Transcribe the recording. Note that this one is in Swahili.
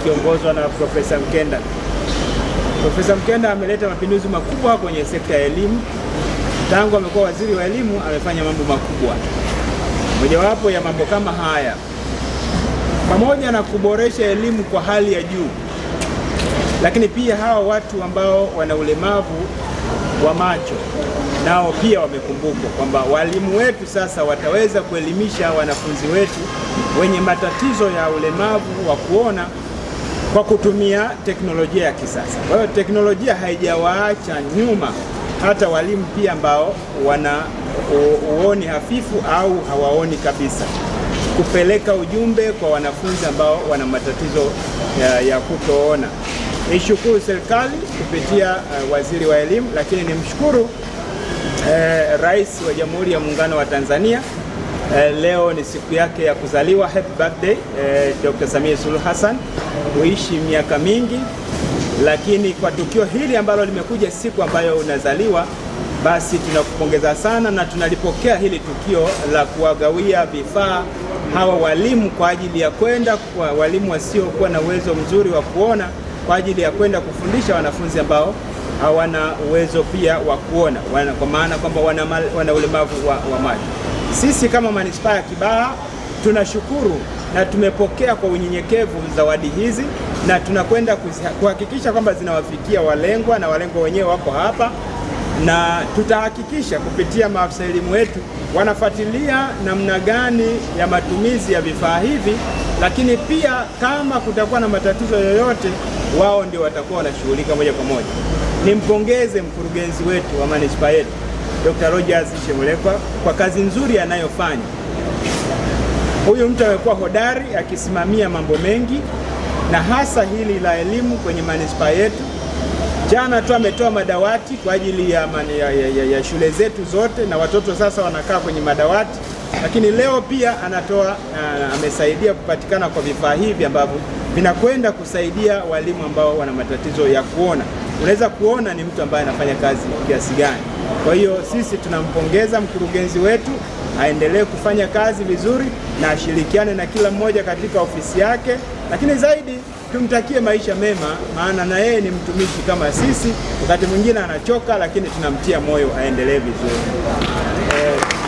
ikiongozwa na Profesa Mkenda. Profesa Mkenda ameleta mapinduzi makubwa kwenye sekta ya elimu. Tangu amekuwa waziri wa elimu amefanya mambo makubwa. Mojawapo ya mambo kama haya, pamoja na kuboresha elimu kwa hali ya juu, lakini pia hawa watu ambao wana ulemavu wa macho nao pia wamekumbukwa kwamba walimu wetu sasa wataweza kuelimisha wanafunzi wetu wenye matatizo ya ulemavu wa kuona kwa kutumia teknolojia ya kisasa. Kwa hiyo teknolojia haijawaacha nyuma hata walimu pia ambao wana uoni hafifu au hawaoni kabisa, kupeleka ujumbe kwa wanafunzi ambao wana matatizo ya, ya kutoona. Nishukuru serikali kupitia uh, waziri wa elimu, lakini nimshukuru uh, Rais wa Jamhuri ya Muungano wa Tanzania Eh, leo ni siku yake ya kuzaliwa. Happy birthday eh, Dr. Samia Suluhu Hassan, uishi miaka mingi. Lakini kwa tukio hili ambalo limekuja siku ambayo unazaliwa, basi tunakupongeza sana na tunalipokea hili tukio la kuwagawia vifaa hawa walimu kwa ajili ya kwenda kwa walimu wasiokuwa na uwezo mzuri wa kuona kwa ajili ya kwenda kufundisha wanafunzi ambao hawana uwezo pia wa kuona kwa maana kwamba wana, wana ulemavu wa, wa macho. Sisi kama manispaa ya Kibaha tunashukuru na tumepokea kwa unyenyekevu zawadi hizi na tunakwenda kuhakikisha kwamba zinawafikia walengwa na walengwa wenyewe wako hapa, na tutahakikisha kupitia maafisa elimu wetu wanafuatilia namna gani ya matumizi ya vifaa hivi, lakini pia kama kutakuwa na matatizo yoyote, wao ndio watakuwa wanashughulika moja kwa moja. Nimpongeze mkurugenzi wetu wa manispaa yetu Dr. Rogers Shemulekwa kwa kazi nzuri anayofanya. Huyu mtu amekuwa hodari akisimamia mambo mengi na hasa hili la elimu kwenye manispaa yetu. Jana tu ametoa madawati kwa ajili ya, mani, ya, ya, ya shule zetu zote na watoto sasa wanakaa kwenye madawati, lakini leo pia anatoa uh, amesaidia kupatikana kwa vifaa hivi ambavyo vinakwenda kusaidia walimu ambao wana matatizo ya kuona. Unaweza kuona ni mtu ambaye anafanya kazi kiasi gani. Kwa hiyo sisi tunampongeza mkurugenzi wetu, aendelee kufanya kazi vizuri na ashirikiane na kila mmoja katika ofisi yake, lakini zaidi tumtakie maisha mema, maana na yeye ni mtumishi kama sisi. Wakati mwingine anachoka, lakini tunamtia moyo aendelee vizuri eh.